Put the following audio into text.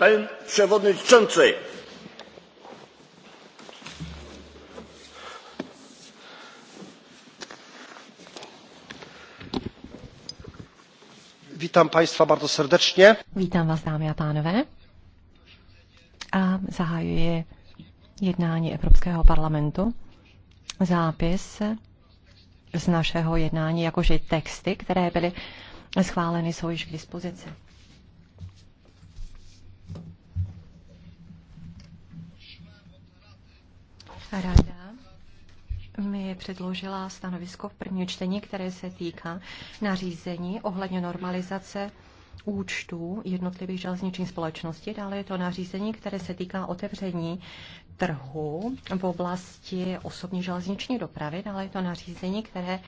Pane předsedající, Vítám Państwa bardzo serdecznie. Vítám vás, dámy a pánové. A zahajuji jednání Evropského parlamentu. Zápis z našeho jednání, jakože texty, které byly schváleny, jsou již k dispozici. ráda mi předložila stanovisko v prvním čtení, které se týká nařízení ohledně normalizace účtů jednotlivých železničních společností. Dále je to nařízení, které se týká otevření trhu v oblasti osobní železniční dopravy. Dále je to nařízení, které